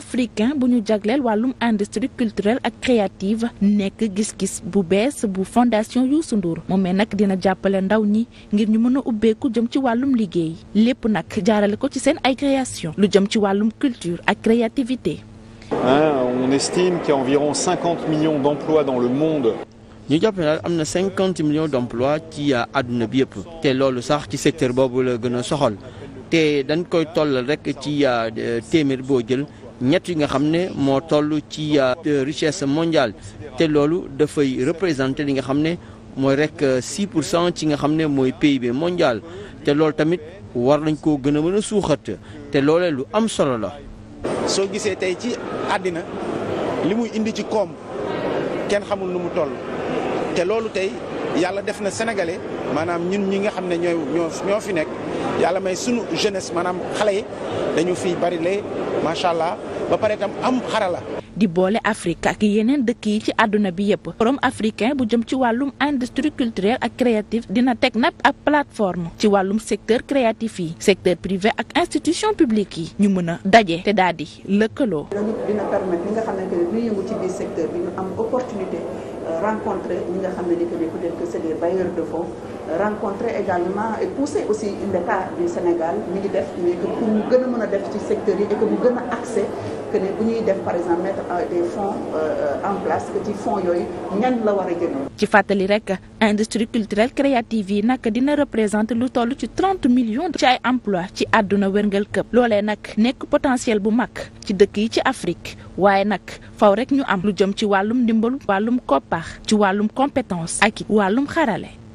africain bu ñu jagleel wàllum industrie culturelle ak créative nekk gis-gis bu bees bu fondation Youssou Ndour moomee nag dina jàppale ndaw ñi ngir ñu mën a ubbeeku jëm ci wàllum liggéey lépp nag jaarale ko ci seen ay création lu jëm ci wàllum culture ak créativité. ah on estime qu'il environ cinquante d'emplois dans le monde. ñu jàpp daal am na cinquante millions d'emplois ci euh, àdduna bi yëpp te loolu sax ci secteur boobu la gën a soxal te dañ koy tollal rek ci euh, téeméer boo jël ñett yu nga xam ne moo toll ci euh, richesse mondiale te loolu dafay représenté li nga xam ne mooy rek 6 euh, cent ci nga xam ne mooy PIB mondial te loolu tamit war nañ koo gën a mën a suuxat te loole lu am solo la. soo gisee tey ci àddina li muy indi ci koom kenn xamul nu mu toll te loolu tey yàlla def na sénégalais maanaam ñun ñi nga xam ne ñooy ñoo fi nekk yàlla may sunu jeunesse maanaam xale yi dañu fiy bari lee macha allah ba pare itam am xarala. di boole Afrique ak yeneen dëkk yi ci àdduna bi yëpp. forum africain bu jëm ci wàllum industrie culturelle ak créative dina teg nag ak plateforme ci wàllum secteur créatif yi secteur privé ak institution publique yi ñu mën a daje te daal di lëkkaloo. loolu dina permettre ñi nga am opportunité euh, nga xam ne ni que ne peut-être que c'est de fonds euh, rencontrer également et aussi l'État du Sénégal mi ngi def mais que mu gën a def ci secteur yi et mu gën a que bu ñuy def par exemple mettre euh, des fonds euh, en place que ci fonds yooyu ñan la war a jëloon. ci fàttali rek industrie culturelle créative yi nag dina représenter lu toll ci trente millions ci ay emplois ci àdduna wërngal këpp. loolee nag nekk potentiel bu mag ci dëkk yi ci Afrique waaye nag faw rek ñu am lu jëm ci wàllum ndimbalu wàllum koppaax ci wàllum compétence ak wàllum xarale.